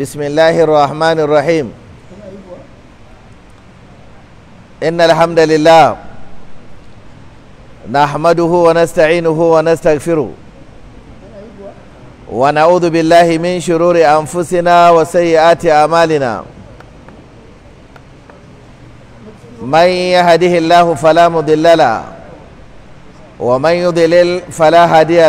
bismillahir rahmanir rahim innal hamdalillah nahmaduhu wa nasta'inuhu wa nastaghfiruh wa na'udhu billahi min shururi anfusina wa sayyiati a'malina manya hadihillahu fala mudilla lahu wa man yudlil fala hadiya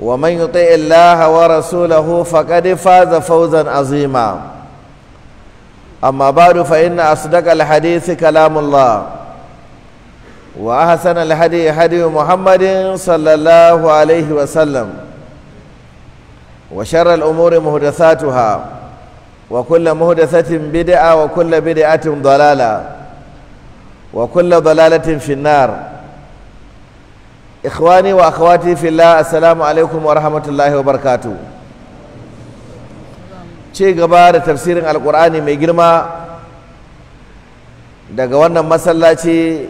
ومن يطع الله ورسوله فقد فاز فوزا عظيما أما بعد فإن أصدق الحديث كلام الله وأحسن الحديث حديث محمد صلى الله عليه وسلم وشر الأمور محدثاتها وكل محدثة بدعة وكل بدعة ضلالة وكل ضلالة في النار ikhwani wa akhawati fillah assalamu alaikum wa rahmatullahi wa barakatu ce gaba da tafsirin alkur'ani mai girma daga wannan masallaci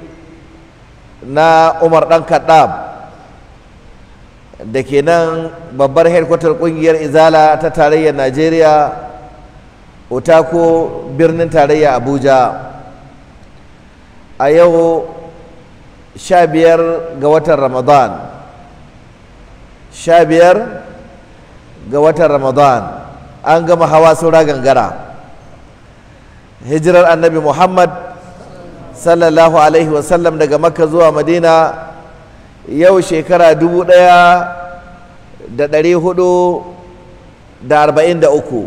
na umar dan kaddab da ke nan babbar headquarter kungiyar izala ta tarayyar najeriya otako birnin tarayya abuja a yau sha biyar ga watan ramadan sha biyar ga watan ramadan an gama hawa saura gangara hijirar annabi muhammad sallallahu alaihi wasallam daga makka zuwa madina yau shekara dubu ɗaya da ɗari hudu da arba'in da uku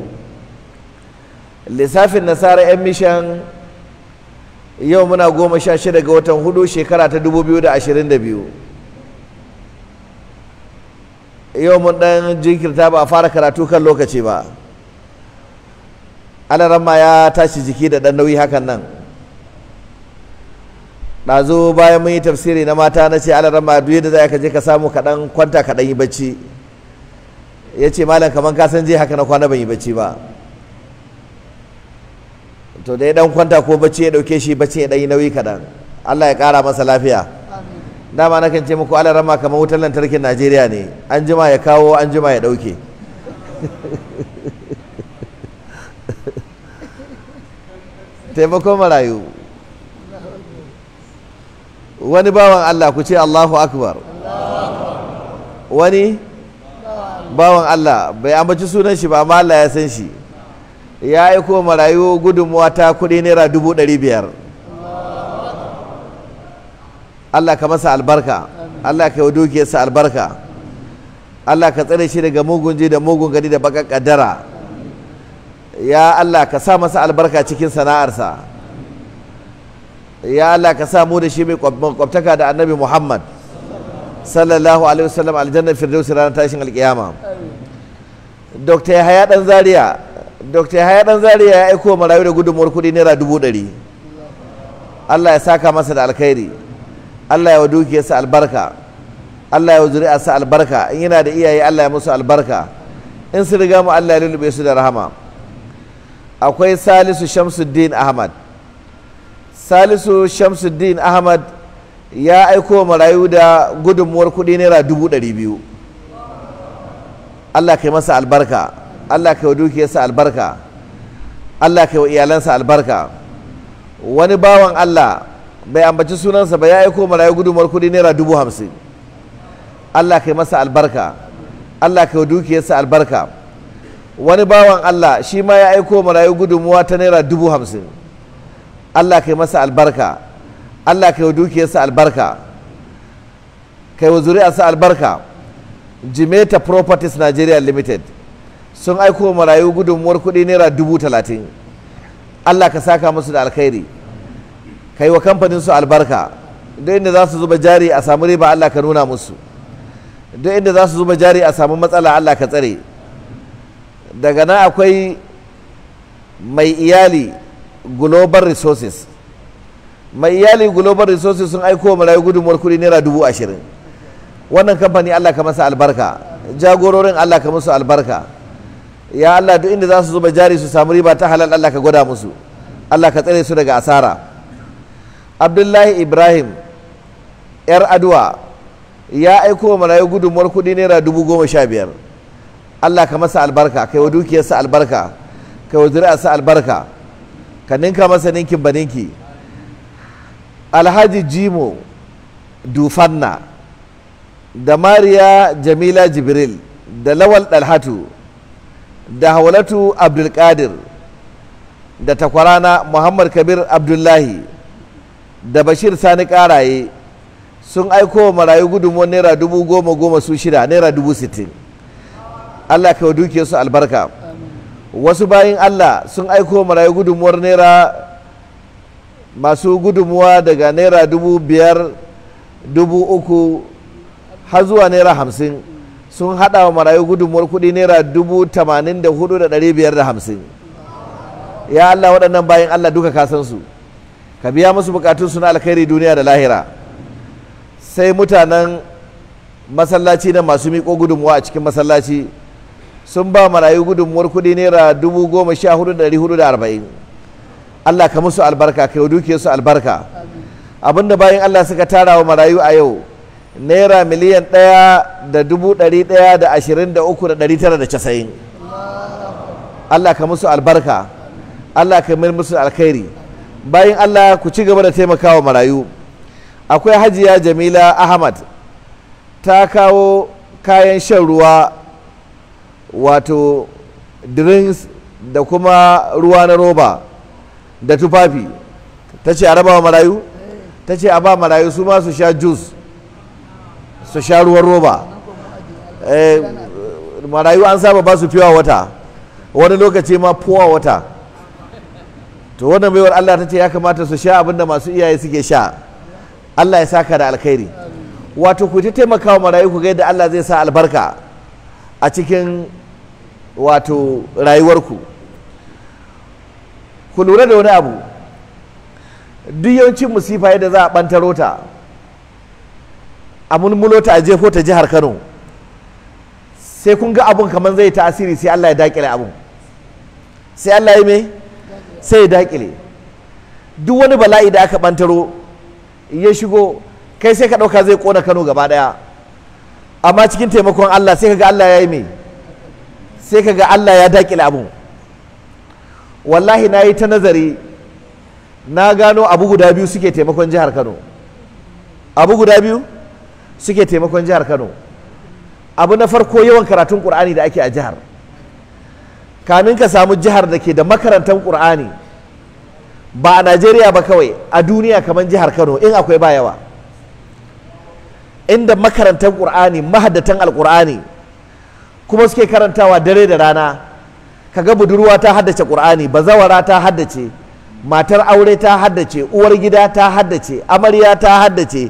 lissafin nasara 'yan mishan yau muna goma sha shida ga watan hudu shekara ta dubu biyu da ashirin da biyu yau mun dan jinkirta ba a fara karatu kan lokaci ba ma ya tashi jiki da dan nauyi hakan nan ɗazu bayan mun yi tafsiri na mata na ce ma duk yadda za ka je ka samu kaɗan kwanta kaɗan yi bacci ya ce malam kamar ka san je haka na kwana ban yi bacci ba to da ya dan kwanta ko bacci ya dauke shi bacci ya dai yi nauyi kadan Allah ya kara masa lafiya dama nakan ce muku Allah rama kamar wutar lantarkin Najeriya ne an jima ya kawo an jima ya dauke taimakon marayu wani bawan Allah ku ce Allahu akbar wani bawan Allah bai ambaci sunan shi ba amma Allah ya san shi ya aiko marayu gudunmuwa ta kuɗi naira dubu ɗari biyar Allah ka masa albarka Allah ka yi dukiyarsa albarka Allah ka tsare shi daga mugun ji da mugun gani da baka kaddara ya Allah ka sa masa albarka cikin sana'arsa ya Allah ka sa mu da shi mai kwabtaka da annabi Muhammad sallallahu alaihi wasallam aljanna firdausi ranar tashin alƙiyama Dr. Yahaya ɗan Zaria dr haya dan ya aiko marayu da gudunmuwar kuɗi naira dubu ɗari allah ya saka masa da alkhairi allah ya wa dukiyarsa albarka allah ya wa zuri'arsa albarka in yana da iyaye allah ya musu albarka in su riga mu allah ya lulluɓe su da rahama akwai salisu shamsuddin ahmad salisu shamsuddin ahmad ya aiko marayu da gudunmuwar kuɗi naira dubu ɗari biyu allah yi masa albarka Allah kai wa dukiyarsa albarka Allah kai wa iyalansa albarka wani bawan Allah bai ambaci sunansa ba ya aiko marayu gudumar kudi naira dubu hamsin Allah kai masa albarka Allah kai wa dukiyarsa albarka wani bawan Allah shi ma ya aiko marayu gudunmuwa ta naira dubu hamsin Allah kai masa albarka Allah kai wa dukiyarsa albarka kai wa zuri'arsa albarka Jimeta Properties Nigeria Limited sun aiko wa marayu gudunmuwar kuɗi naira dubu talatin allah ka saka musu da alkhairi ka yi wa kamfanin su albarka duk inda za su zuba jari a samu riba allah ka nuna musu duk inda za su zuba jari a samu matsala allah ka tsare daga nan akwai mai iyali global resources mai iyali global resources sun aiko marayu gudunmuwar kuɗi naira dubu ashirin wannan kamfani allah ka masa albarka jagororin allah ka musu albarka ya Allah duk inda za su zuba jari su samu riba ta halal Allah ka gwada musu Allah ka tsare su daga asara Abdullahi Ibrahim yar aduwa ya aiko wa marayu gudunmuwar kuɗi naira dubu goma sha biyar Allah ka masa albarka kai wa dukiyarsa albarka kai wa zuri'arsa albarka ka ninka masa ninkin baninki Alhaji Jimo Dufanna da Mariya Jamila Jibril da Lawal Dalhatu da hawalatu abdulkadir da takwarana muhammad kabir abdullahi da bashir sani karaye sun aiko marayu gudunmu naira dubu goma goma su shida naira dubu sittin allah kawo su albarka wasu bayan allah sun aiko marayu gudunmuwar naira masu gudunmuwa daga naira dubu biyar dubu uku har zuwa naira hamsin sun hada wa marayu gudunmuwar kuɗi naira dubu tamanin da hudu da ɗari biyar da hamsin ya Allah waɗannan bayan Allah duka ka su ka biya musu bukatun su na alkhairi duniya da lahira sai mutanen masallaci na masu miƙo gudunmuwa a cikin masallaci sun ba marayu gudunmuwar kuɗi naira dubu goma sha hudu da ɗari hudu da arba'in Allah ka musu albarka ka yi dukiyarsu albarka abinda bayan Allah suka tara wa marayu a yau naira miliyan ɗaya da dubu ɗari ɗaya da ashirin da uku da ɗari tara da casa'in Allah ka musu albarka Allah ka mil musu alkhairi bayan Allah ku ci gaba da taimakawa marayu akwai hajiya jamila ahmad ta kawo kayan shan ruwa wato drinks da kuma ruwa na roba da tufafi ta ce a raba wa marayu ta ce a ba marayu su ma su sha juice su sha ruwan roba eh, marayu an saba ba su fiwa wata wani lokaci ma fowa wata to wannan baiwar Allah ta ce ya kamata su sha abinda masu iyaye suke sha Allah ya saka da alkhairi wato ku ta taimakawa marayu ku ga yadda Allah zai sa albarka a cikin wato rayuwarku ku lura da wani abu duk yawancin musifa yadda za a ɓantaro ta a mulmulo ta a jefo ta jihar Kano sai kun ga abun kamar zai tasiri sai Allah ya dakile abun sai Allah ya me sai ya dakile duk wani bala'i da aka bantaro ya shigo kai sai ka ɗauka zai kona Kano gaba ɗaya amma cikin taimakon Allah sai kaga Allah ya yi me sai kaga Allah ya dakile abun wallahi na yi ta nazari na gano abu guda biyu suke taimakon jihar Kano abu guda biyu suke taimakon jihar kano abu na farko yawan karatun ƙur'ani da ake a jihar kamin ka samu jihar da ke da makarantar ƙur'ani ba a najeriya ba kawai a duniya kamar jihar kano in akwai ba yawa inda makarantar ƙur'ani mahaddatan alƙur'ani kuma suke karantawa dare da rana kaga budurwa ta haddace ƙur'ani bazawara ta haddace matar aure ta haddace uwar gida ta haddace amarya ta haddace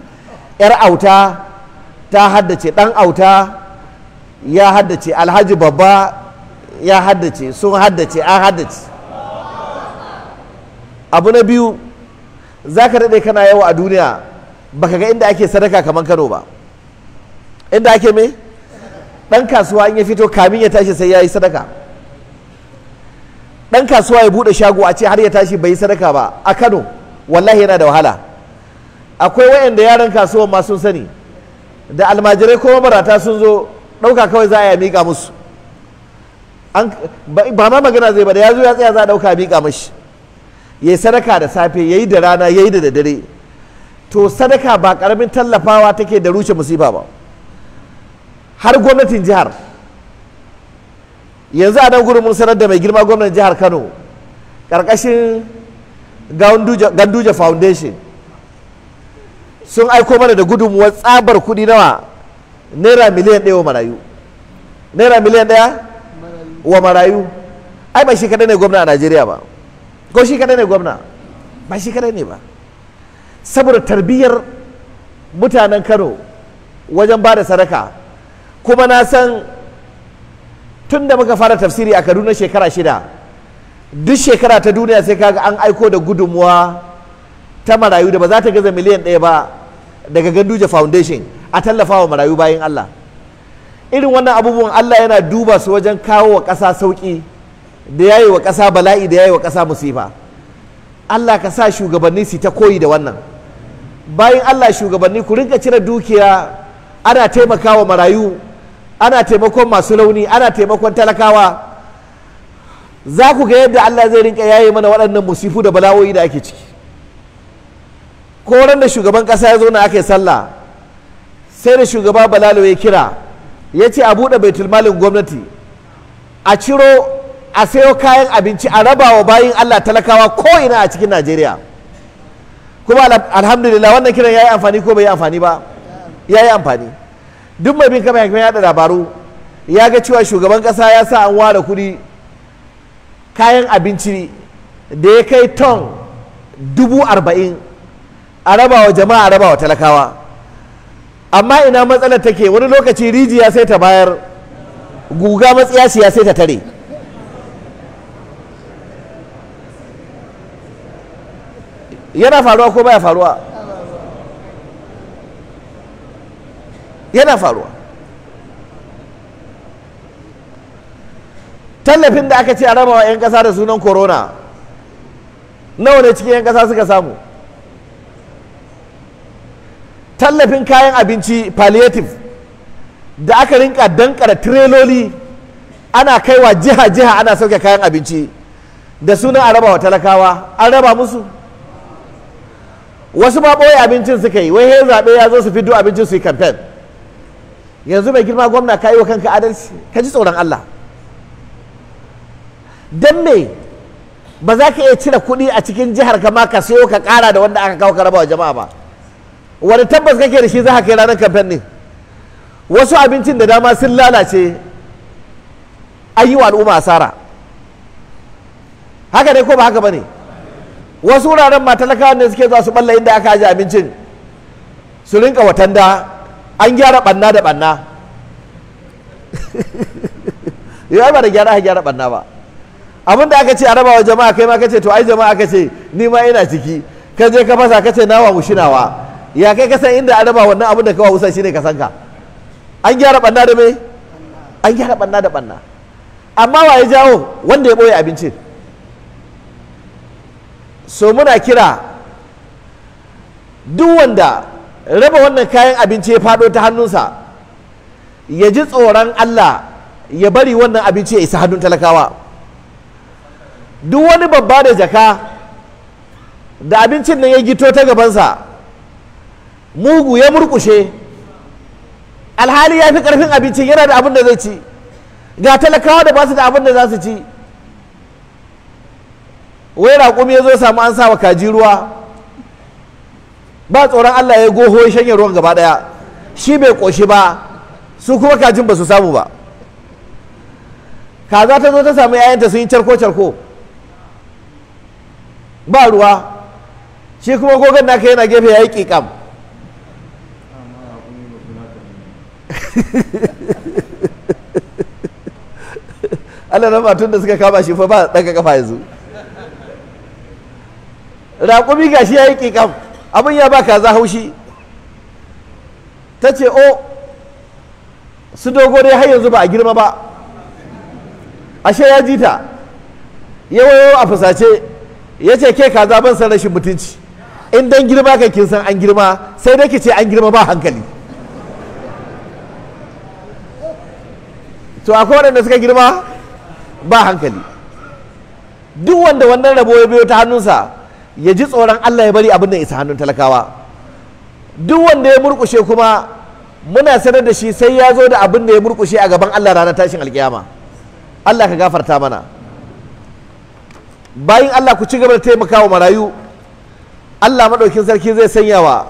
'yar auta ta haddace ɗan auta ya haddace alhaji babba ya haddace sun haddace an haddace abu na biyu za ka daɗe kana yau a duniya baka ga inda ake sadaka kamar kano ba inda ake me ɗan kasuwa in ya fito kamin ya tashi sai ya yi sadaka ɗan kasuwa ya buɗe shago a ce har ya tashi bai yi sadaka ba a kano wallahi yana da wahala akwai wayanda yaran kasuwan ma sun sani da almajirai ko marata sun zo ɗauka kawai za a yi miƙa musu ba ma magana zai ba da ya zo ya tsaya za a ɗauka miƙa mashi ya sadaka da safe ya yi da rana ya yi da daddare to sadaka ba ƙaramin tallafawa take da rushe musifa ba har gwamnatin jihar yanzu a nan gurin mun sanar da mai girma gwamnan jihar kano ƙarƙashin ganduja foundation sun aiko mana da gudunmuwar tsabar kuɗi nawa naira miliyan ɗaya wa marayu naira miliyan ɗaya wa marayu ai ba shi kadai ne gwamna a najeriya ba ko shi kadai ne gwamna ba shi kadai ne ba saboda tarbiyyar mutanen kano wajen ba da sadaka kuma na san tun da muka fara tafsiri a kaduna shekara shida duk shekara ta duniya sai kaga an aiko da gudunmuwa ta marayu da ba za ta gaza miliyan ɗaya ba daga Ganduja Foundation a tallafawa marayu bayan Allah irin wannan abubuwan Allah yana duba su wajen kawo wa ƙasa sauki da yayi wa ƙasa bala'i da yayi wa ƙasa musifa Allah ka sa shugabanni su ta koyi da wannan bayan Allah shugabanni ku rinka cire dukiya ana taimakawa marayu ana taimakon masu launi ana taimakon talakawa za ku ga yadda Allah zai rinka yaye mana waɗannan musifu da bala'o'i da ake ciki ko da shugaban kasa ya zo na aka sallah sai da shugaba balalo ya kira ya ce a buɗe baitul malin gwamnati a ciro a sayo kayan abinci a raba wa bayin allah talakawa ko ina a cikin najeriya kuma alhamdulillah wannan kiran ya yi amfani ko bai yi amfani ba ya yi amfani duk mai bin kama ya labaru ya ga cewa shugaban kasa ya sa an ware kuɗi kayan abinci da ya kai ton dubu arba'in a raba wa jama'a a raba wa talakawa amma ina matsalar take wani lokaci rijiya sai ta bayar guga matsiyaciya sai ta tare yana faruwa ko baya faruwa yana faruwa tallafin da aka ce a raba wa 'yan kasa da sunan corona nawa ne cikin 'yan kasa suka samu tallafin kayan abinci palliative da aka rinka dankara tireloli ana kaiwa jiha-jiha ana sauke kayan abinci da sunan a raba wa talakawa an raba musu wasu ma ɓoye abincin suka yi wai ya zaɓe ya zo su fito abincin su yi kamfen yanzu mai girma gwamna ka yi wa kanka adalci ka ji tsoron Allah don me ba za ka iya cire kuɗi a cikin jihar ka ma ka sayo ka ƙara da wanda aka kawo ka raba wa jama'a ba wani tabbas kake da shi za ka kai ranar kamfen ne wasu abincin da dama sun lalace an yi wa al'umma asara haka ne ko ba haka ba ne wasu wuraren ma talakawa ne suke zuwa su balla inda aka aje abincin su rinka da an gyara banna da banna yau ba da gyara ha gyara banna ba abin da aka ce a rabawa jama'a kai ma kace to ai jama'a kace ni ma ina ciki ka je ka fasa kace nawa shinawa. ya kai ka san inda araba wannan abin da kawai wusa shine ka ka an gyara banna da me an gyara banna da banna amma wa ya jawo wanda ya boye abincin so muna kira duk wanda raba wannan kayan abinci ya fado ta hannunsa ya ji tsoron Allah ya bari wannan abinci ya isa hannun talakawa duk wani babba da jaka da abincin nan ya gito ta gabansa mugu ya murkushe alhali ya fi karfin abincin yana da abin da zai ci ga talakawa da ba su da abin da za su ci wai raƙum ya zo samu an sawa kaji ruwa ba tsoron allah ya goho ya shanye ruwan gaba ɗaya shi bai ƙoshi ba su kuma kajin ba su samu ba kaza ta zo ta samu ta sun yi carko-carko ba ruwa shi kuma gogon naka yana gefe ya yi ƙiƙam Allah na matun da suka kama shi fa ba daga kafa yanzu raƙumi gashi ya yi ƙiƙam abin ya ba kaza haushi ta ce o su dogo dai har yanzu ba a girma ba ashe ya ji ta yawayo a fusace ya ke kaza ban san rashin mutunci in dan girma ka kin san an girma sai dai ki ce an girma ba hankali to akwai waɗanda suka girma ba hankali duk wanda wannan rabo ya biyo ta hannunsa ya ji tsoron Allah ya bari abin da isa hannun talakawa duk wanda ya murkushe kuma muna sanar da shi sai ya zo da abin da ya murkushe a gaban Allah ranar tashin alkiyama Allah ka gafarta mana bayan Allah ku ci gaba da taimakawa marayu Allah maɗaukin sarki zai sanya wa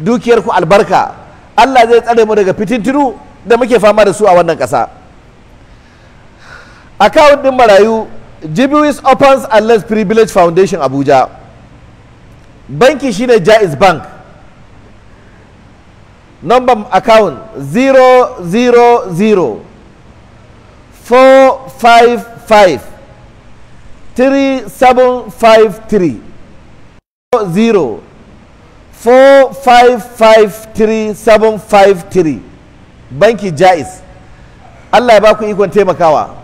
dukiyarku albarka Allah zai tsare mu daga fitintinu da muke fama da su a wannan ƙasa. account din marayu jibuis opens and less privilege foundation abuja banki shine jaiz bank number account 000 455 3753 0 4553753 banki jaiz Allah ya ba ku ikon taimakawa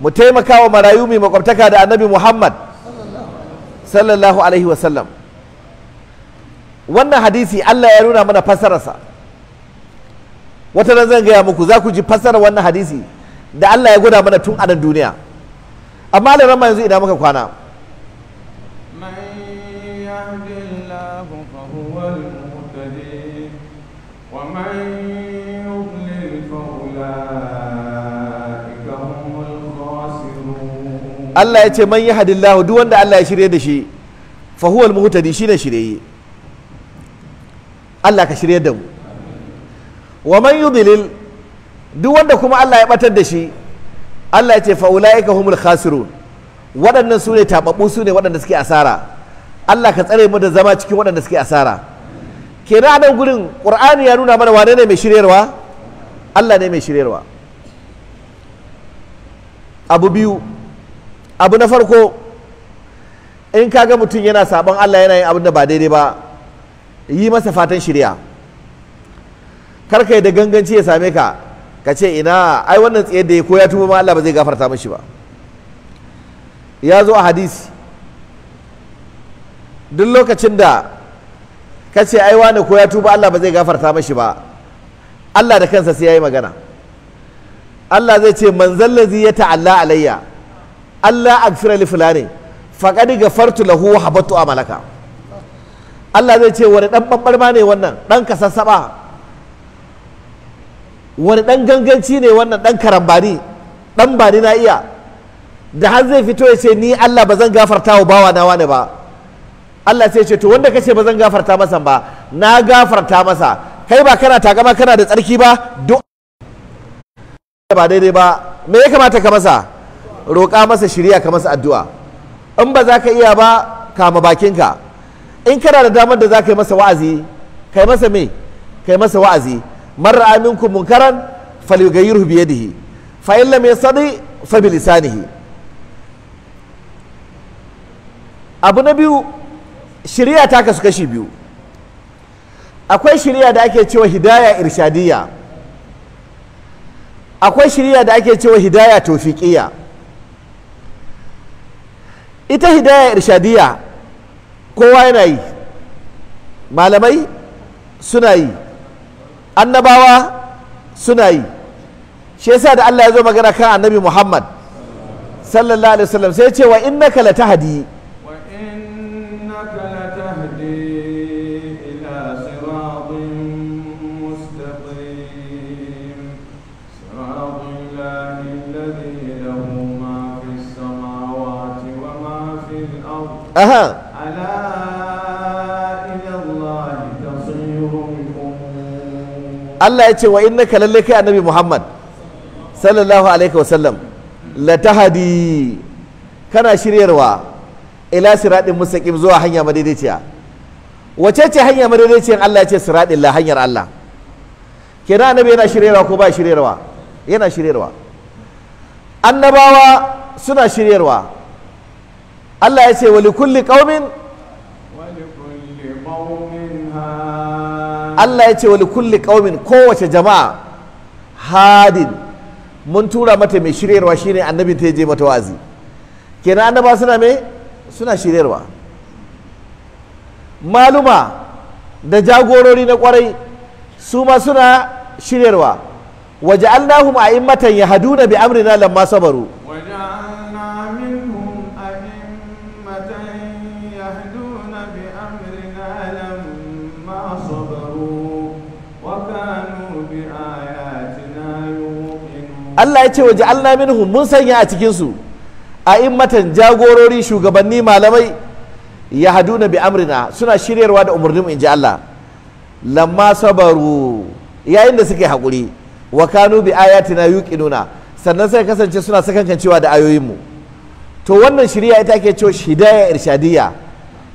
mu taimaka wa marayu mai makwabtaka da annabi muhammad sallallahu alaihi wasallam wannan hadisi allah ya nuna mana fassararsa wata nan zan gaya muku za ku ji fassarar wannan hadisi da allah ya gwada mana tun a nan duniya amma da rama yanzu idan muka kwana Allah ya ce man yahdillahu duk wanda Allah ya shirye da shi fa huwal muhtadi shine shirye Allah ka shirye da mu wa man yudlil duk wanda kuma Allah ya batar da shi Allah ya ce fa ulaika humul khasirun waɗannan su ne tababbu su ne waɗanda suke asara Allah ka tsare mu da zama cikin waɗanda suke asara kenan a nan gurin qur'ani ya nuna mana wane ne mai shiryarwa Allah ne mai shiryarwa abu biyu abu na farko in kaga mutum yana sabon Allah yana yin abin da ba daidai ba yi masa fatan shirya kar da ganganci ya same ka ka ce ina ai wannan tsaye da ya koya tuba ma Allah ba zai gafarta mashi ba ya zo a hadisi duk lokacin da ka ce ai wani koya tuba Allah ba zai gafarta mashi ba Allah da kansa sai ya yi magana Allah zai ce manzan lazi ya ta'alla alayya Allah agfira li fulani faqad ghafartu lahu wa habatu amalaka Allah zai ce wani dan ma ne wannan dan kasassaba wani dan ganganci ne wannan dan karambani dan bani na iya da har zai fito ya ce ni Allah ba zan gafarta wa bawa na wani ba Allah sai ce to wanda kace ba zan gafarta masa ba na gafarta masa kai ba kana takama kana da tsarki ba duk ba daidai ba me ya kamata ka masa roƙa masa shirya ka masa addu'a in ba za ka iya ba kama bakinka in kana da damar da za ka yi masa wa'azi kai masa me kai masa wa'azi marra aminku munkaran falyughayyirhu bi yadihi fa in lam yastati fa bi lisanihi abu na biyu shirya ta kasu kashi biyu akwai shirya da ake cewa hidaya irshadiyya akwai shirya da ake cewa hidaya tofiqiyya ita hidaya irshadiya kowa yana yi malamai suna yi annabawa suna yi shi yasa da Allah ya zo magana kan annabi Muhammad sallallahu alaihi wasallam sai ya ce wa innaka latahdi Aha. Ala Allah ya ce wa inna ka lalle kai annabi Muhammad sallallahu alaihi wasallam la tahadi kana shiryarwa ila siratin mustaqim zuwa hanya madaidaiciya wace ce hanya madaidaiciyar Allah ya ce siratin la hanyar Allah kina annabi yana shiryarwa ko ba shiryarwa yana shiryarwa annabawa suna shiryarwa Allah ya ce wali kulli qaumin Allah ya ce wali kulli qaumin kowace jama'a hadin mun tura mata mai shiryarwa shine annabi ta je mata wa'azi, kenan annaba suna me suna shiryarwa maluma da jagorori na kwarai su ma suna shiryarwa waja'alnahum a'immatan yahduna bi amrina lamma sabaru Allah ya ce waje Allah minhu mun sanya a cikin su a immatan jagorori shugabanni malamai ya na bi amrina suna shiryarwa da umarnin mu ji Allah lamma sabaru yayin da suke hakuri wa kanu bi ayatina yuqinuna sannan sai kasance suna sakankancewa da ayoyin mu to wannan shirya ita ke cewa hidaya irshadiyya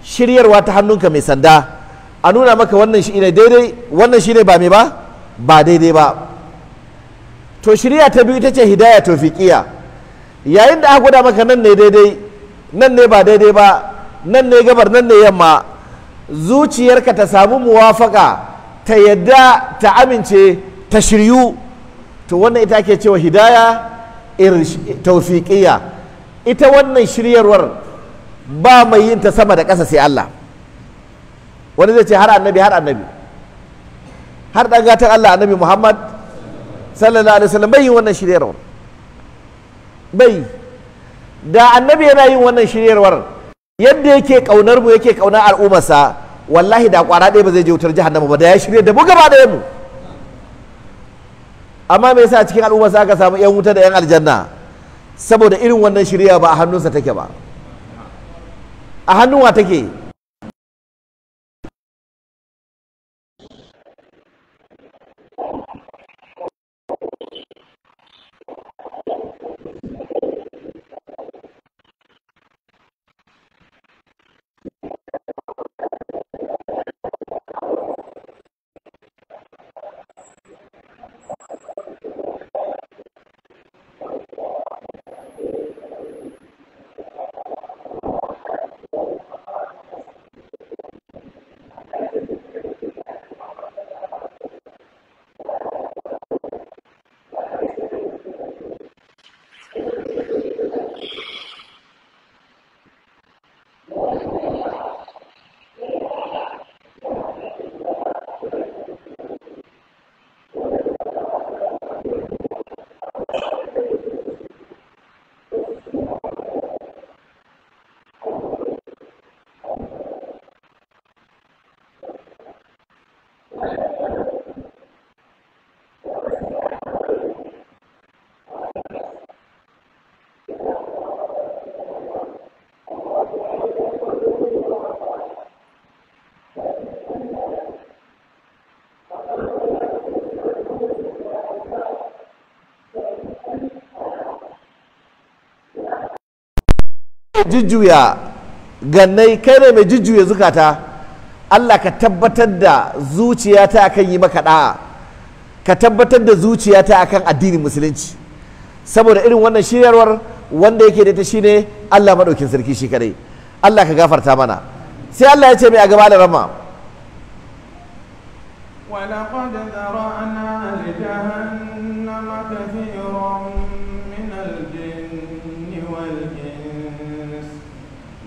shiryarwa ta hannunka mai sanda a nuna maka wannan shi ne daidai wannan shi ne ba mai ba ba daidai ba to shirya ta biyu ita ce hidaya tofiƙiya yayin da aka gwada maka nan ne daidai nan ne ba daidai ba nan ne gabar nan ne yamma zuciyarka ta samu muwafaka ta yadda ta amince ta shiryu to wannan ita ke cewa hidaya taufiƙiya ita wannan shiryarwar ba mai yin ta sama da ƙasa sai Allah wani zai ce har annabi har annabi har ɗan gatan Allah annabi Muhammad sallallahu alaihi wasallam bai yin wannan shiryarwar bai da annabi yana yin wannan shiryarwar yadda yake kaunar mu yake kaunar al'ummarsa wallahi da kwara ɗaya ba zai je wutar jahannama ba da ya shirya da mu gaba ɗaya mu amma me yasa cikin al'ummarsa aka samu yan wuta da yan aljanna saboda irin wannan shirya ba a hannunsa take ba a hannun wa take jujjuya gannai kai ne mai jujjuya zukata Allah ka tabbatar da zuciyata akan yi maka da'a ka tabbatar da zuciyata akan addinin musulunci saboda irin wannan shiryarwar wanda yake da ta shine Allah madaukin sarki shi kadai Allah ka gafarta mana sai Allah ya ce mai a gaba da rama ولقد ذرأنا لجهنم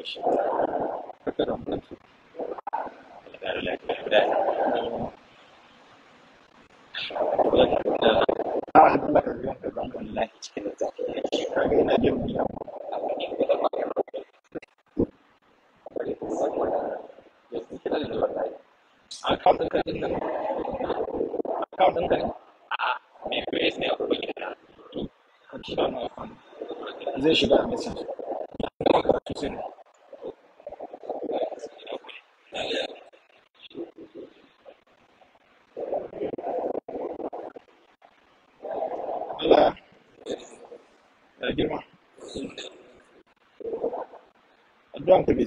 ƙarshe ɗin zai shiga a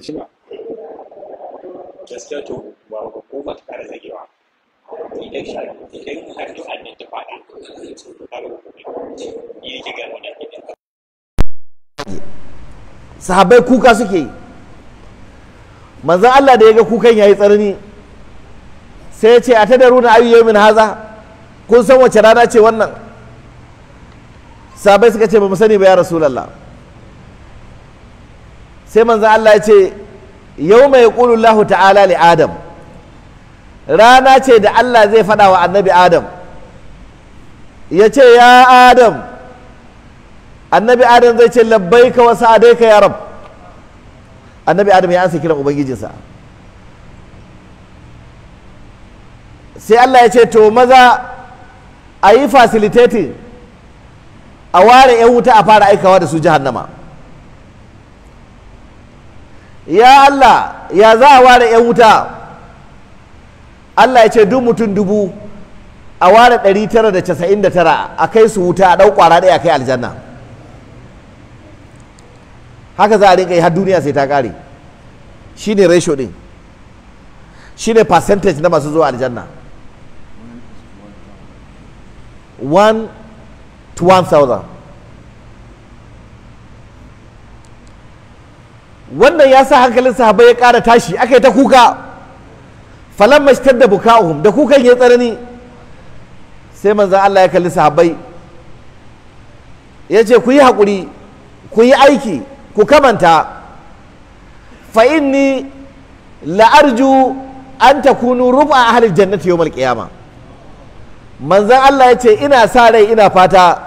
ci ba gaskiya to ba ba ta kara zagewa idan sha idan har duk annan ta fada kaga hukuma yi ki ga wannan idan sahabbai kuka suke yi manzan Allah da ya ga kukan ya yi tsarni sai ya ce a ta da runa ayu min haza kun san wace rana ce wannan sabai suka ce ba mu sani ba ya rasulallah sai manzan Allah ya ce yau mai Allahu ta'ala li adam rana ce da Allah zai faɗa wa annabi adam ya ce ya adam annabi adam zai ce ka wasu sa'adaika ya rab annabi adam ya ansa kiran ubangijinsa sai Allah ya ce to maza a yi facilitating a ware 'yan wuta a fara aikawa da su jihannama. ya Allah ya za a ware 'yan wuta Allah ya ce duk mutum dubu a ware 999 a kai su wuta a ɗau ƙwara ɗaya a kai aljanna haka za a rinka yi har duniya sai ta ƙare shi ne ratio ɗin shi ne percentage na masu zuwa aljanna 1 to 1000 wannan ya sa hankalin sahabai ya kara tashi aka yi ta kuka falamma da buka'uhum da kukan ya tsanani sai manzan Allah ya kalli sahabai ya ce ku yi haƙuri ku yi aiki ku kamanta fainni ni la'arju an takunu rufa a halin jannati yau malƙiyama manzan Allah ya ce ina sa rai ina fata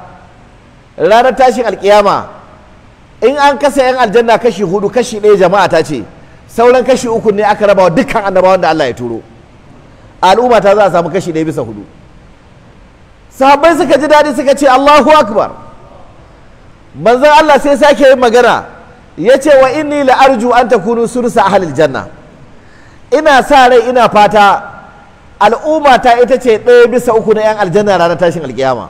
ranar tashin alƙiyama in an kasa yan aljanna kashi hudu kashi ɗaya jama'a ta ce sauran kashi uku ne aka rabawa dukkan annabawan da Allah ya turo al'umma ta za a samu kashi ɗaya bisa hudu sahabbai suka ji daɗi suka ce Allahu akbar manzon Allah sai sake yin magana ya ce wa inni la arju an takunu sursa ahlil janna ina sa rai ina fata al'umma ta ita ce ɗaya bisa uku na yan aljanna ranar tashin alkiyama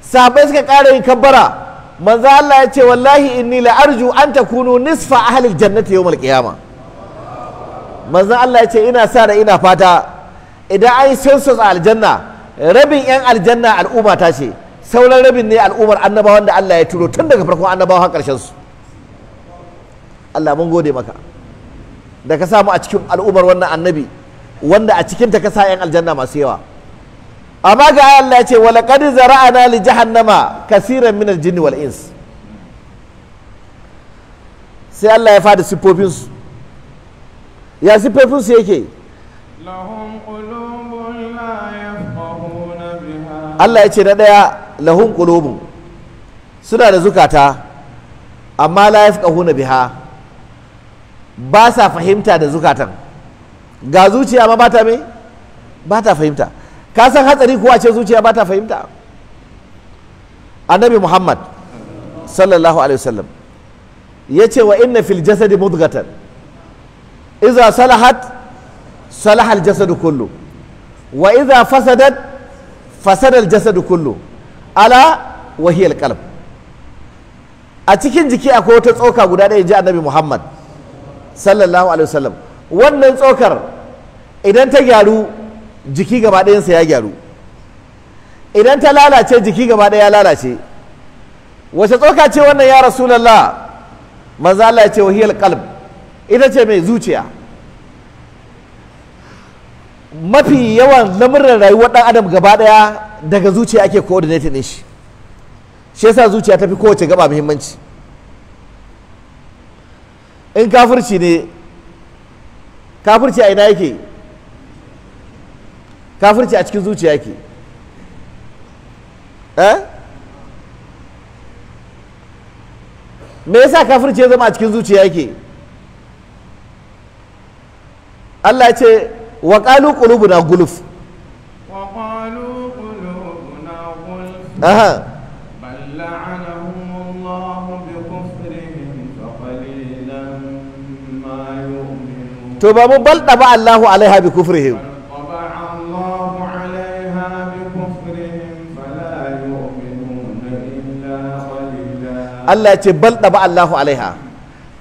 sahabbai suka ƙara yin kabbara manzo Allah ya ce wallahi inni la arju an takunu nisfa ahli jannati yau qiyama manzo Allah ya ce ina sa da ina fata idan ai census a aljanna rabin yan aljanna al'umma ta ce sauran rabin ne al'ummar annabawan da Allah ya turo tun daga farkon annabawan har karshen su Allah mun gode maka da ka samu a cikin al'ummar wannan annabi wanda a cikin ta ka sa yan aljanna masu yawa amma ga Allah ya ce walaqad zara'ana li jahannama kaseeran min al-jinn wal ins sai Allah ya fada siffofin su ya siffofin su yake lahum qulubun la yafqahuna biha Allah ya ce na daya lahum qulubun suna da zukata amma la yafqahuna biha ba sa fahimta da zukatan ga zuciya ma ba ta mai ba ta fahimta ka san hatsari kuwa ce zuciya ba ta fahimta annabi muhammad sallallahu alaihi wasallam ya ce wa inna fil jasadi mudgatan iza salahat salahal jasadu kullu wa iza fasadat fasada jasadu kullu ala wa hiya qalb a cikin jiki akwai wata tsoka guda ɗaya ji annabi muhammad sallallahu alaihi wasallam wannan tsokar idan ta gyaru jiki gaba ɗayansa ya gyaru idan ta lalace jiki gaba ɗaya ya lalace wace tsoka ce wannan ya rasu manzo Allah ya ce wahiyal qalb ita ce mai zuciya mafi yawan lamuran rayuwar ɗan adam gaba ɗaya daga zuciya ake coordinating din shi shi yasa zuciya ta fi kowace gaba muhimmanci in kafirci ne kafirci a ina yake kafirci a cikin zuciya ke eh me yasa kafirci ya zama a cikin zuciya ke Allah ya ce wa qalu qulubuna guluf wa qalu qulubuna guluf aha bi to ba mu balda ba Allahu alaiha bi kufrihim Allah ya ce bal ba Allahu alaiha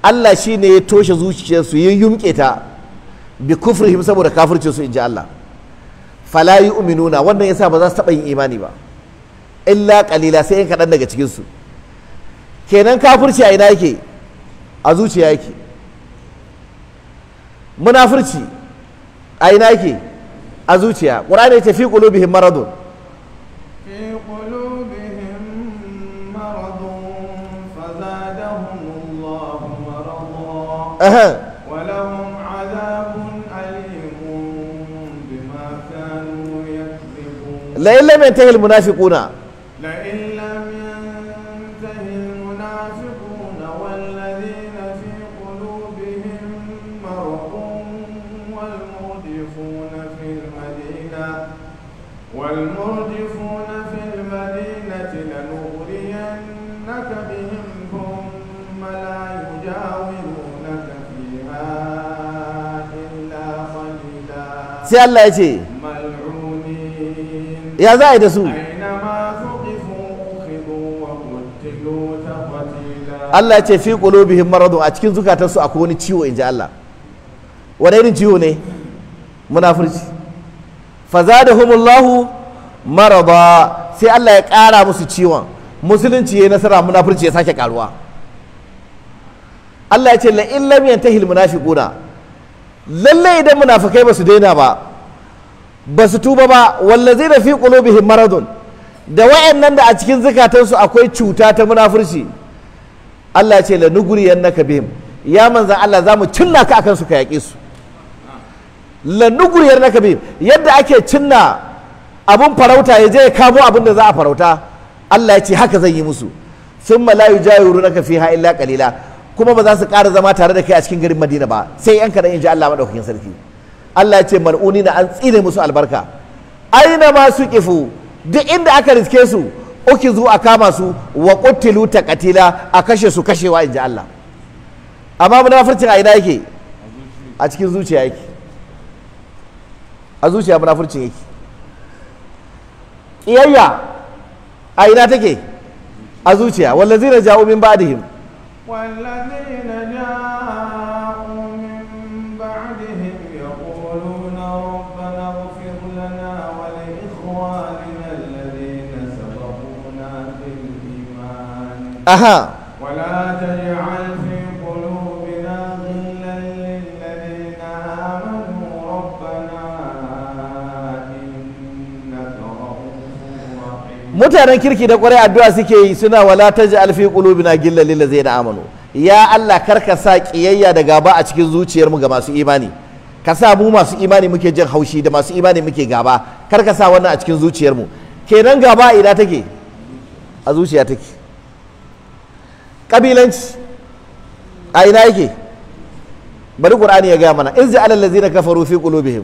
Allah shi ne ya toshe zuciyarsu ya yumke ta bi kufrihim saboda kafircin su inji Allah fala yu'minuna wannan yasa ba za su taɓa yin imani ba illa qalila sai in kaɗan daga cikin su kenan kafirci a ina yake a zuciya yake munafirci a ina yake a zuciya qur'ani ya ce fi qulubihim maradun ولهم عذاب أليم بما كانوا يكذبون لئن لم ينتهي المنافقون لئن sai Allah ya ce ya za a yi da su Allah ya ce fi bihin maradun a cikin zukatarsu a wani ciwo in ji Allah wani irin ciwo ne munafurci fazadahumullahu maraba sai Allah ya ƙara musu ciwon musulunci ya yi nasara munafurci ya sake ƙaruwa. Allah ya ce la in lam yantahil munafiquna Lallai idan munafikai ba su daina ba ba su tuba ba wallazai da fi qulubihim maradun da wayannan da a cikin zikatansu akwai cuta ta munafurci Allah ce la nugriyannaka bihim ya manzan Allah za mu cinna ka akan su ka yaƙe su la nugriyannaka bihim yadda ake cinna abun farauta ya je ya kamo abin da za a farauta Allah ya ce haka zan yi musu thumma la yujawirunaka fiha illa qalila kuma ba za su ƙara zama tare da kai a cikin garin madina ba sai yan kaɗan in ji allah maɗaukakin sarki allah ya ce mal'uni na an tsine musu albarka aina ma su kifu duk inda aka riske su uki zuwa a kama su wa kuttilu ta ƙatila a kashe su kashewa in ji allah amma munafurcin a ina yake a cikin zuciya yake a zuciya munafurcin yake ƙiyayya a ina take a zuciya wallazina ja'u min ba'dihim والذين جاءوا من بعدهم يقولون ربنا اغفر لنا ولإخواننا الذين سبقونا بالإيمان أها ولا تجعل mutanen kirki da kwarai addu'a suke yi suna wala taji alfi na gilla zai na amanu ya Allah karka sa kiyayya da gaba a cikin zuciyarmu ga masu imani ka sa mu masu imani muke jin haushi da masu imani muke gaba karka sa wannan a cikin zuciyarmu kenan gaba ina take a zuciya take kabilanci a ina yake bari qur'ani ya gaya mana izza alal ladzina kafaru fi qulubihim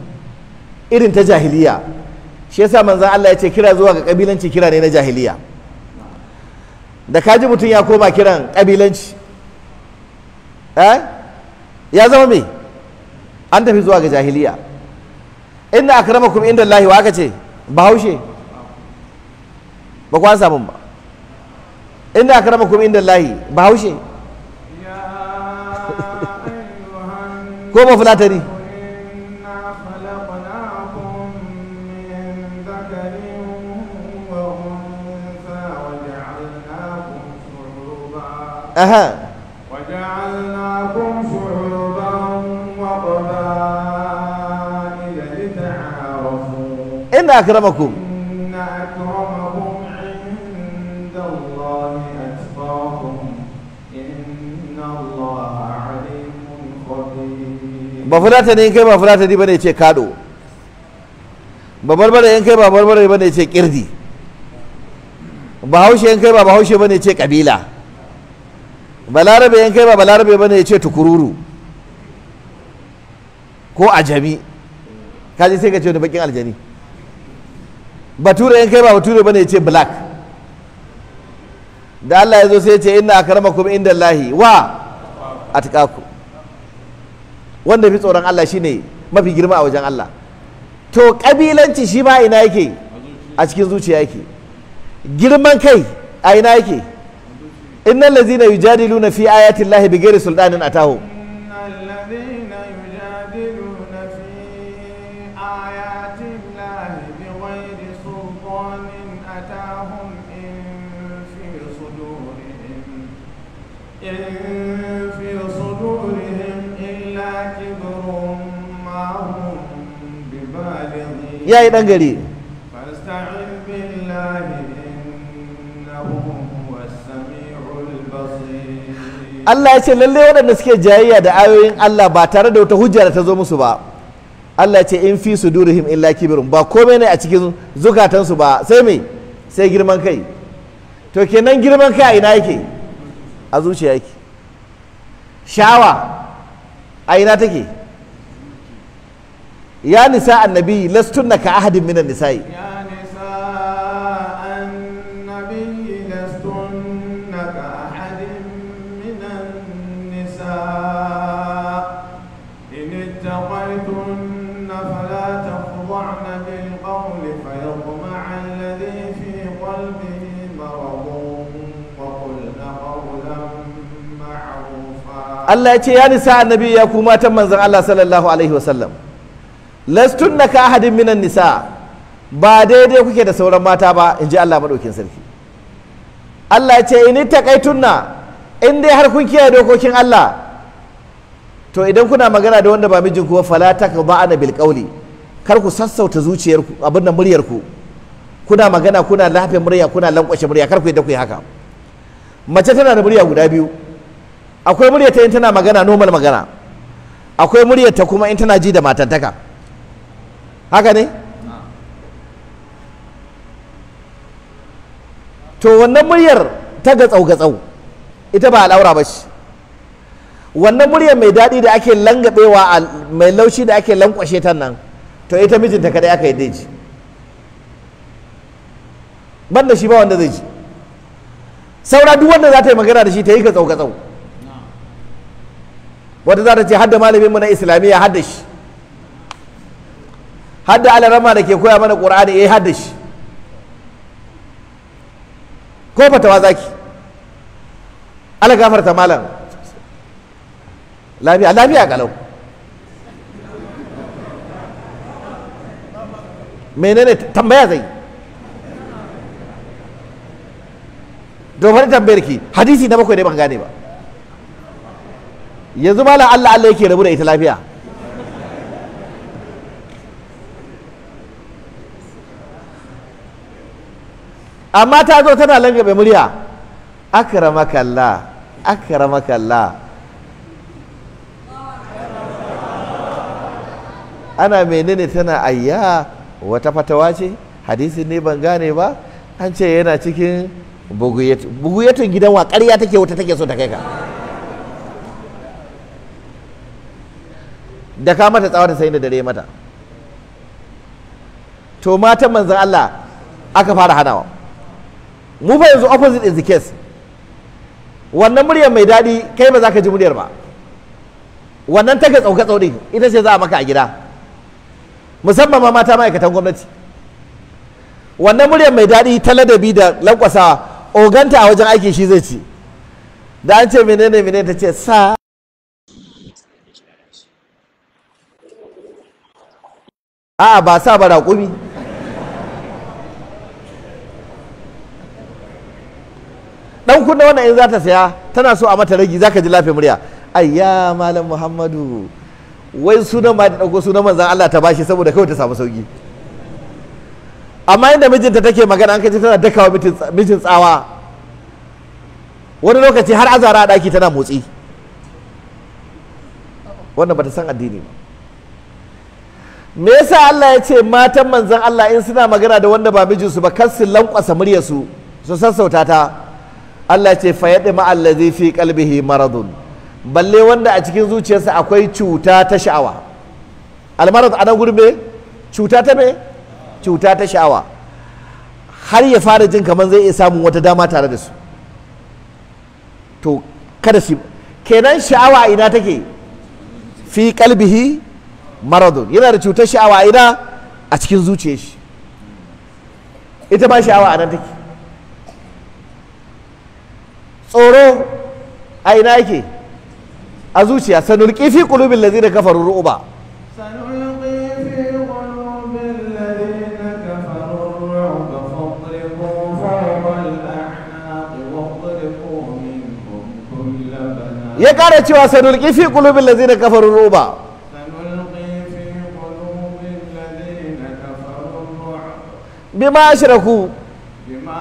irin ta jahiliya shi yasa manzon Allah ya ce kira zuwa ga kabilanci kira ne na jahiliya da kaji mutum ya koma kiran kabilanci eh ya zama me an tafi zuwa ga jahiliya inna akramakum inda Allah wa aka ce bahaushe ba ku an samu ba inna akramakum inda Allah bahaushe ko ba fulatani Aha. وجعلناكم شعوبا وقبائل لتعارفوا إن أكرمكم إن أكرمكم عند الله أتقاكم إن الله عليم خبير بفرات نينكي بفرات دي بني كادو babarbare yan kai ba ne ce kirdi bahaushe yan kai ba bahaushe bane ce kabila balarabe yan kai ba balarabe bane ya ce tukururu ko ajami kaji sai ka ce wani bakin aljani bature yan kai ba bature bane ya ce black da Allah ya zo sai ya ce inna akramakum inda Allahi wa atqaku wanda fi tsoron Allah shine mafi girma a wajen Allah to kabilanci shi ba ina yake a cikin zuciya yake girman kai a ina yake إن الذين يجادلون في آيات الله بغير سلطان أتاهم إن الذين يجادلون في آيات الله بغير سلطان أتاهم إن في صدورهم إن في صدورهم إلا كبر ما هم ببالغين يا إدنجري فاستعين Allah ya ce lalle waɗanda suke jayayya da ayoyin Allah ba tare da wata hujja da ta zo musu ba Allah ya ce in fi sudurihim illa kibirun ba komai ne a cikin zukatansu ba sai me sai girman kai to kenan girman kai a ina yake a zuciya yake shawa a ina take ya nisa annabi lastunna ka ahadin minan nisa'i Allah ya ce ya nisa annabi ya ku matan manzon Allah sallallahu alaihi wasallam na ka ahadin minan nisa ba daidai kuke da sauran mata ba in ji Allah maɗaukin sarki Allah ya ce in tunna in dai har kun kiyaye dokokin Allah to idan kuna magana da wanda ba mijin kuwa fala ana bil kauli kar ku sassauta zuciyarku abin da muryarku kuna magana kuna lafiya murya kuna lankwashe murya kar ku yi haka mace tana da murya guda biyu akwai muryata in tana magana normal magana akwai ta kuma in tana ji da matantaka haka ne to wannan muryar ta gatsau-gatsau ita ba al'aura ba shi wannan muryar mai daɗi da ake langabewa mai laushi da ake lankwashe ta nan to ita mijinta kadai aka yi daji ban da shi ba wanda zai ji saura duk wanda za ta yi magana da shi ta yi gatsau-gatsau wata za ta ce hadda malaminmu na islamiyya hadda shi hadda alarama da ke koya mana ƙur'ani yi eh, hadda shi ko wa zaki ala gafarta malam lafiya lafiya galau menene tambaya zai domin tambayar ki hadisi na bakwai ne ban gane ba yanzu malam Allah Allah yake rabu da ita lafiya amma ta zo tana mai murya akramakalla kalla ana menene tana ayya wata fatawa ce hadisi ne ban gane ba an ce yana cikin buguyatun gidan wa ƙarya take wata take so ta kai ka da ka mata tsawon sai da dare mata to matan manzan Allah aka fara hanawa mu fa yanzu opposite is the case wannan muryar mai daɗi kai ba za ka ji muryar ba wannan take tsauka tsauri ita ce za a maka a gida musamman ma mata ma'aikatan gwamnati wannan muryar mai daɗi ta ladabi da lankwasa oganta a wajen aiki shi zai ci da an ce menene menene ta ce sa a'a ba sa ba raƙumi ɗan kunna wannan in za ta saya tana so a mata ragi zaka ji lafiya murya ayya malam muhammadu wai sunan ma da ɗauko sunan manzan Allah ta bashi saboda kawai ta samu sauki amma inda mijinta take magana an kaji tana dakawa mijin tsawa wani lokaci har azara a ɗaki tana motsi wannan bata san addini ba me yasa Allah ya ce matan manzan Allah in suna magana da wanda ba mijinsu ba kar su lankwasa muryarsu su sassauta ta Allah ya ce fa yadda ma'allazi fi kalbihi maradun balle wanda a cikin zuciyarsa akwai cuta ta sha'awa almarad a nan gurin me cuta ta me cuta ta sha'awa har ya fara jin kamar zai iya samun wata dama tare da su to kada shi kenan sha'awa ina take fi kalbihi maradun yana da cutar sha'awa a ina a cikin zuciyar shi ita ba sha'awa a nan take tsoro a ina yake a zuciya kifi fi da ladzina kafaru ru'ba ya kara cewa sanulki fi qulubil ladzina kafaru ru'ba bima ashraku bima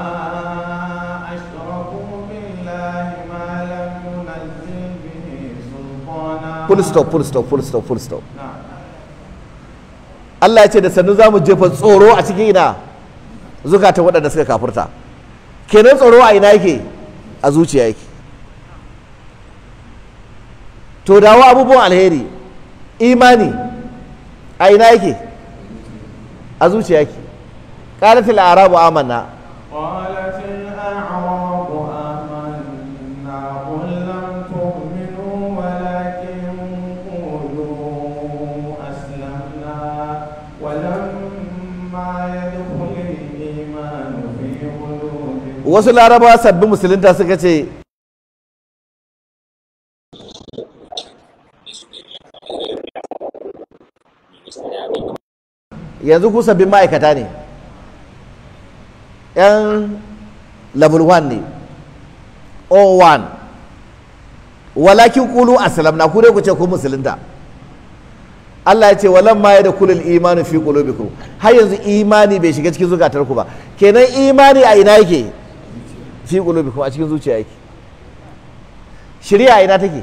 ashraku billahi ma lam yunzil bihi sultana full stop full stop full stop full stop Allah ya ce da sannu za mu jefa tsoro a cikin ina zukatan waɗanda suka kafurta kenan tsoro a ina yake a zuciya yake to dawo abubuwan alheri imani a ina yake a zuciya yake قالت الأعراب آمنا قالت الأعراب آمنا قل لم تؤمنوا ولكن قولوا أسلمنا ولما يدخل الإيمان في قلوبكم وصل العرب سب مسلم تاسكتي yanzu ku sabbin ma'aikata ne 'yan level 1 ne o 1 walakin kulu asalam na kure ku ce ku musulunta Allah ya ce walan ma ya da kulul imanu fi qulubikum har yanzu imani bai shiga cikin zukatar ku ba kenan imani a ina yake fi qulubikum a cikin zuciya yake shari'a ina take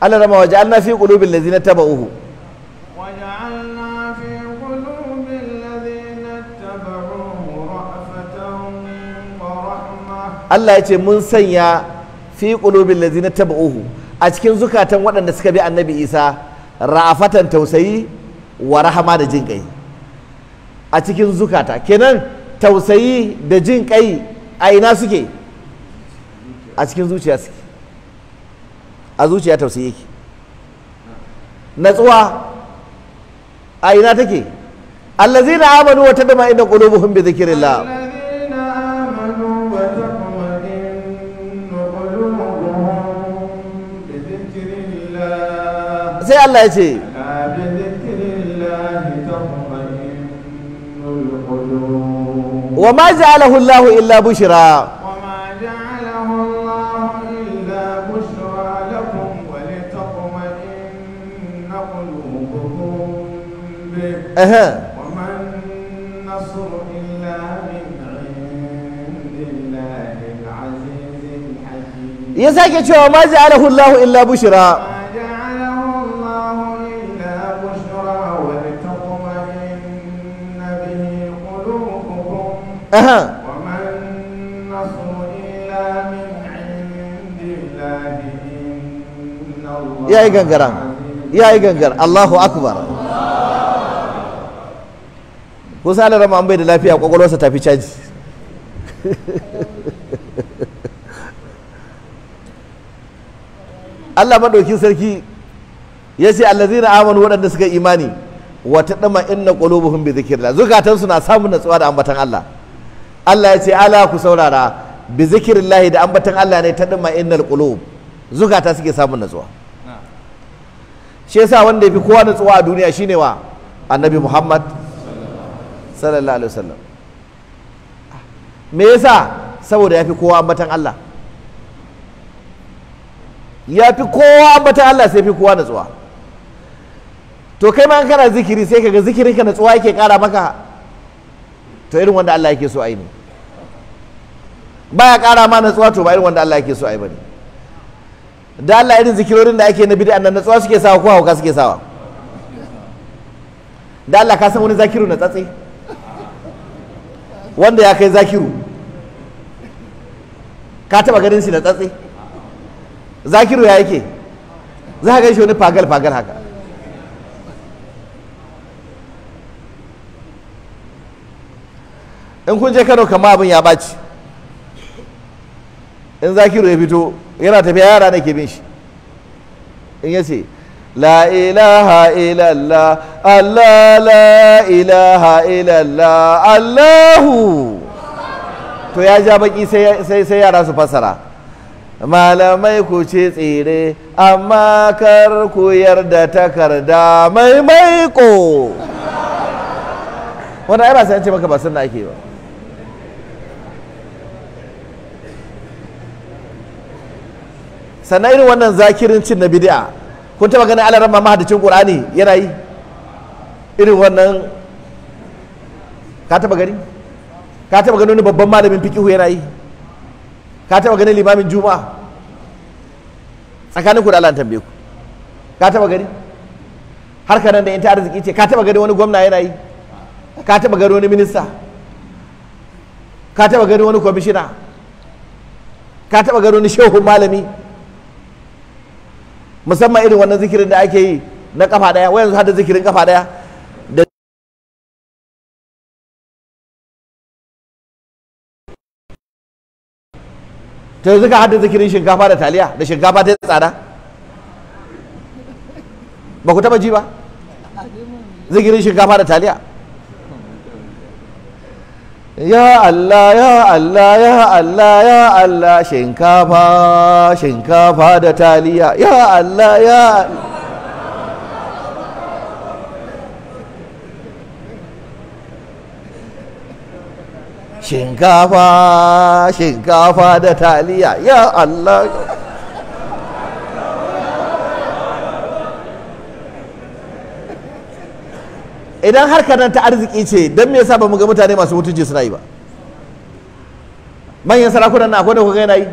Allah rama waje an na fi ƙulubin na taba uhu. Allah ya ce mun sanya fi ƙulubin na taba uhu a cikin zukatan waɗanda suka bi annabi Isa rafatan tausayi wa rahama da jin kai a cikin zukata kenan tausayi da jin kai a ina suke a cikin zuciya suke a zuciya tausayi yake natsuwa a ina take allazina amanu wa tadma inna qulubuhum bi dhikrillah sai Allah ya ce wa ma ja'alahu Allah illa bushra أها وما النصر إلا من عند الله العزيز الحكيم ساكت شو ما جعله الله إلا بشرى أها وما يا إيجان يا إيجان الله أكبر rama an bai da lafiya kwakwalwarsa tafi caji Allah maɗaukin sarki ya ce allazina amanu waɗanda suka imani wata ɗama inna qulubuhum bi dhikrillah zukatansu na samun natsuwa da ambatan Allah Allah ya ce ala ku saurara bi zikirillahi da ambatan Allah ne ta dima innal qulub zukata suke samun natsuwa shi yasa wanda yafi kowa nutsuwa a duniya shine wa annabi Muhammad sallallahu alaihi wasallam me yasa saboda yafi kowa ambatan Allah yafi kowa ambatan Allah sai fi kowa nutsuwa to kai ma kana zikiri sai kaga zikirin ka natsuwa yake kara maka to irin wanda Allah yake so aini baya kara ma natsuwa to ba irin wanda Allah yake so a yi bane da Allah irin zikirorin da ake na bid'a nan natsuwa suke sawa ko hauka suke sawa da Allah ka san wani zakiru na tsatsi wanda ya kai zakiru ka taba ganin shi na tsatsi zakiru ya yake za ka gan shi wani fagal fagal haka in kun je Kano kama abin ya baci in zakiru ya fito yana tafiya yara ne ke bin shi in ya ce la ilaha illallah allah la ilaha illallah allahu to ya ja baki sai yara su fassara malamai ku ce tsire amma kar ku yarda takarda maimaiko wanda ya ba sai an ce maka ba sunna ake ba sannan irin wannan zakirin cin na bid'a kun taba ganin alaran ma mahadicin qur'ani yana yi irin wannan ka taba gani ka taba ganin wani babban malamin fikihu yana yi ka taba ganin limamin juma'a tsakanin ku da Allah tambaye ku ka taba gani harkar nan da in ta arziki ce ka taba gani wani gwamna yana yi ka taba gani wani minista ka taba gani wani kwamishina ka taba gani wani shehu malami musamman irin wannan zikirin da ake yi na kafa daya wayan har hada zikirin kafa daya ta yanzu ka hada zikirin shinkafa da taliya da shinkafa ta tsada ba ku taba ji ba zikirin shinkafa da taliya ya Allah ya Allah ya Allah ya Allah shinkafa shinkafa da taliya ya Allah ya shinkafa shinkafa da taliya ya Allah idan harkar nan ta arziki ce don me yasa ba mu ga mutane masu mutunci suna yi ba manyan sarakunan na akwai da kuka yana yi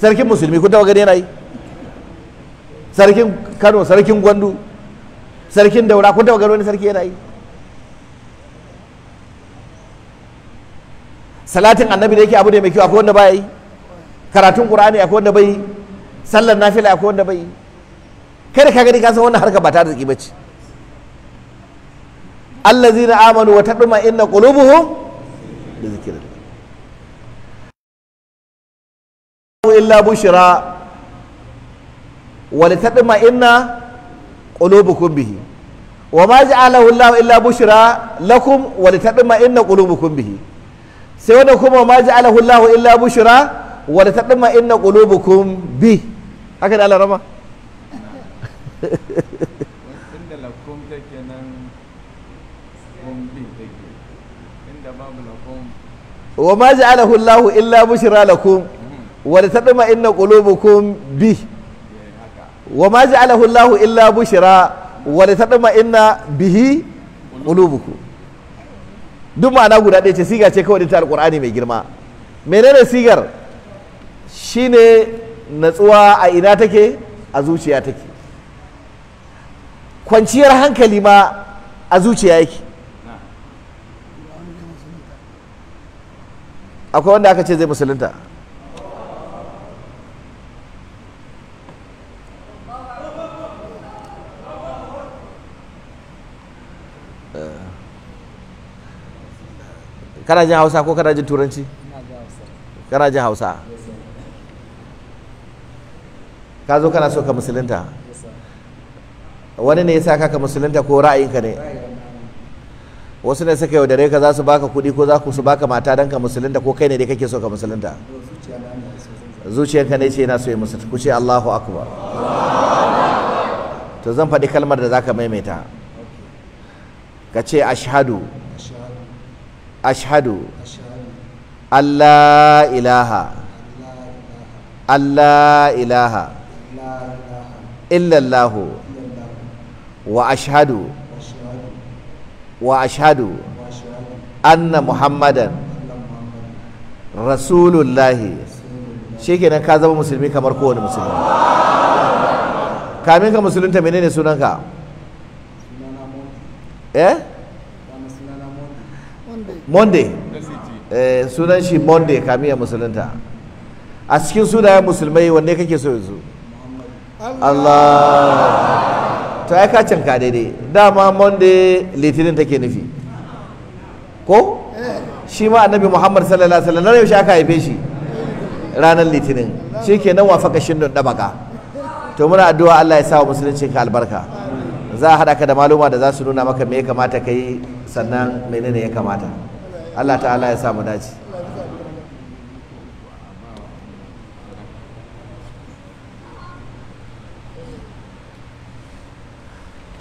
sarkin musulmi kun tawa gani yana yi sarkin kano sarkin gwandu sarkin daura kun tawa gani wani sarki yana yi salatin annabi da yake abu ne mai kyau akwai wanda ba yi karatun qur'ani akwai wanda bai sallar nafila akwai wanda bai kada ka gani ka san wannan harka ba ta arziki ba ce na amanu wa tadma inna qulubuhum bi illa inna bihi wa ma Allah illa bushra lakum wa inna bihi sai kuma ma illa inna haka da wa ma ja'alahu Allahu illa bushra lakum wa tatma inna qulubukum bi wa ma ja'alahu Allahu illa bushra wa tatma inna bihi qulubukum duk ma'ana guda ɗaya ce siga ce kawai ta alqur'ani mai girma menene sigar shine natsuwa a ina take a zuciya take kwanciyar hankali ma a zuciya yake akwai wanda aka ce zai musulunta eh. kana jin hausa ko kana jin turanci kana jin hausa ka zo kana so ka musulunta wani ne ya sa ka musulunta ko ra'ayinka ne wasu ne suka yaudare ka za su baka kuɗi ko za su baka mata don ka musulunta ko kai ne dai kake so ka musulunta zuciyanka ne ce yana so ya musulunta ku ce Allahu akbar to zan faɗi kalmar da za ka maimaita ka ce ashadu ashadu Allah ilaha Allah ilaha illallahu wa ashadu wa ashadu anna muhammadan rasulullahi shikenan ka zama musulmi kamar kowane musulmi kamin ka musulunta menene sunanka eh monday eh, sunan shi monday kamin ya musulunta a cikin sunayen musulmai wanne kake so yanzu Allah to ai ka canka daidai dama monday litinin take nufi ko shi ma annabi muhammad sallallahu alaihi wasallam yaushe aka haife shi ranar litinin shi ke nan wafaka shindun dabaka to muna addu'a allah ya sa wa musulunci ka albarka za a haɗa ka da maluma da za su nuna maka me ya kamata ka yi sannan menene ya kamata allah ta'ala ya sa mu dace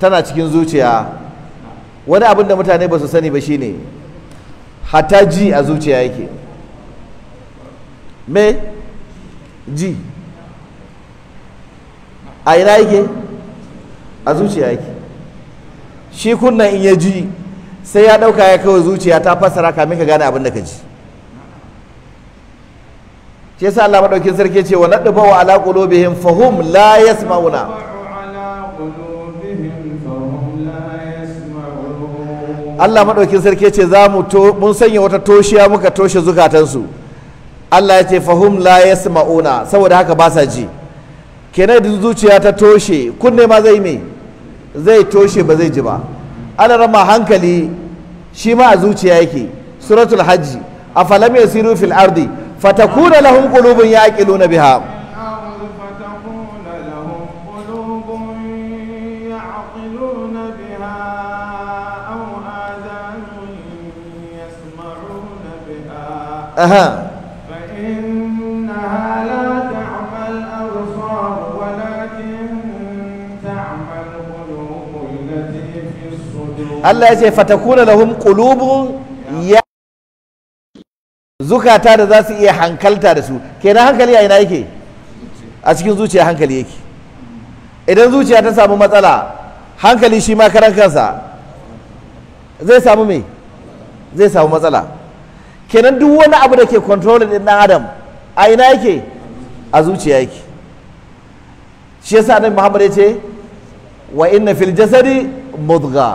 tana cikin zuciya wani abin da mutane ba su sani ba shine hata ji a zuciya yake me ji a ina yake a zuciya yake shi kunnan in ya ji sai ya ɗauka ya kawai zuciya ta fassara kamin ka gane abin da ka ji shi yasa Allah sarki ce wa nadbawa ala qulubihim fahum la yasma'una Allah maɗaukin sarki ce za mu mun sanya wata toshiya muka toshe zukatansu Allah ya ce fahum la yasma'una saboda haka ba sa ji kenan da zuciya ta toshe kunne ma zai me zai toshe ba zai ji ba ana rama hankali shi ma a zuciya yake suratul hajji afalam yasiru fil ardi fatakuna lahum qulubun yaqiluna biha أها فإنها لا تعمى الأبصار ولكن تعمى القلوب التي في الصدور الله يجي فتكون لهم قلوب يا zukata da za su iya hankalta da su kenan hankali a ina yake a cikin zuciya hankali yake idan zuciya ta samu matsala hankali shi ma karan kansa zai samu me zai samu matsala kenan duk wani abu da ke controlling din dan adam a ina yake a zuciya yake shi yasa annabi Muhammad ya ce wa inna fil jasadi mudgha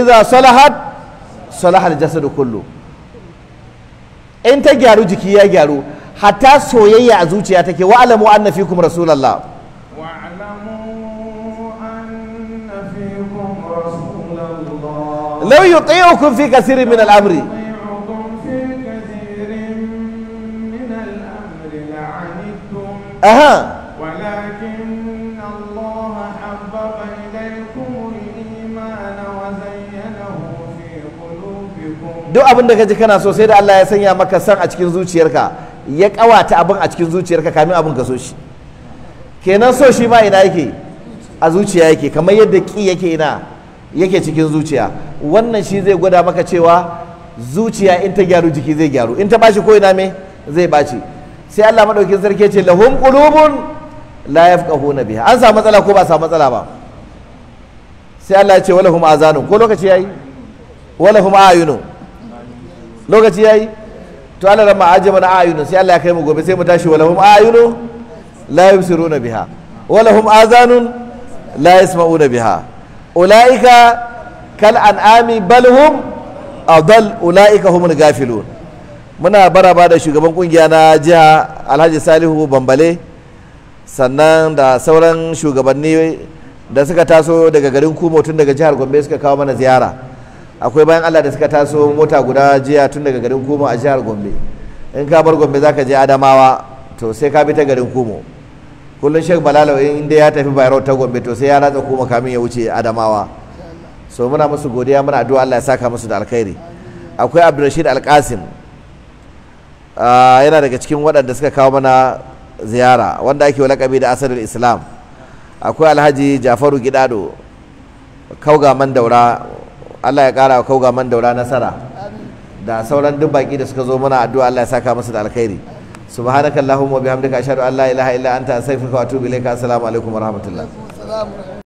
idza salahat salaha al jasadu kullu in ta gyaru jiki ya gyaru hatta soyayya a zuciya take wa alamu anna fikum rasulullah wa alamu anna fikum rasulullah law fi kaseerin min al أها duk abin da kaji kana sosai da Allah ya sanya maka san a cikin zuciyarka ya kawata abin a cikin zuciyarka kamin abin ka so shi kenan so shi ma ina yake a zuciya yake kamar yadda ki yake ina yake cikin zuciya wannan shi zai gwada maka cewa zuciya in ta gyaru jiki zai gyaru in ta bashi ko ina me zai baci sai Allah madaukin sarki ce lahum qulubun la yafqahuna biha an samu matsala ko ba samu matsala ba sai Allah ya ce walahum azanun ko lokaci yayi walahum ayunu lokaci yayi to Allah ramma ajaba na ayunun sai Allah ya kai mu gobe sai mu tashi walahum ayunu la yusiruna biha walahum azanun la yasma'una biha ulaika kal an'ami balhum hum adall ulaika humul ghafilun muna baraba da shugaban kungiya na jiha alhaji salihu bambale sannan da sauran shugabanni da suka taso daga garin kumo tun daga jihar gombe suka kawo mana ziyara akwai bayan allah da suka taso mota guda jiya tun daga garin kumo a jihar gombe in ka bar gombe zaka je adamawa to sai ka bi ta garin kumo kullum shek balalau in dai ya tafi bayarau ta gombe to sai ya ratsa kuma kamin ya wuce adamawa so muna musu godiya muna addu'a allah ya saka musu da alkhairi akwai abdulrashid alkasim Ah, yana daga cikin waɗanda suka kawo mana ziyara wanda ake walakabi da asalin islam akwai alhaji jafaru gidado kaugaman daura allah ya kara kaugaman daura nasara da sauran duk baki da suka zo mana addu'a allah ya saka musu da alkhairi subhanaka allahumma bihamdika ashhadu an la ilaha illa anta astaghfiruka wa atubu ilayka assalamu alaikum wa rahmatullah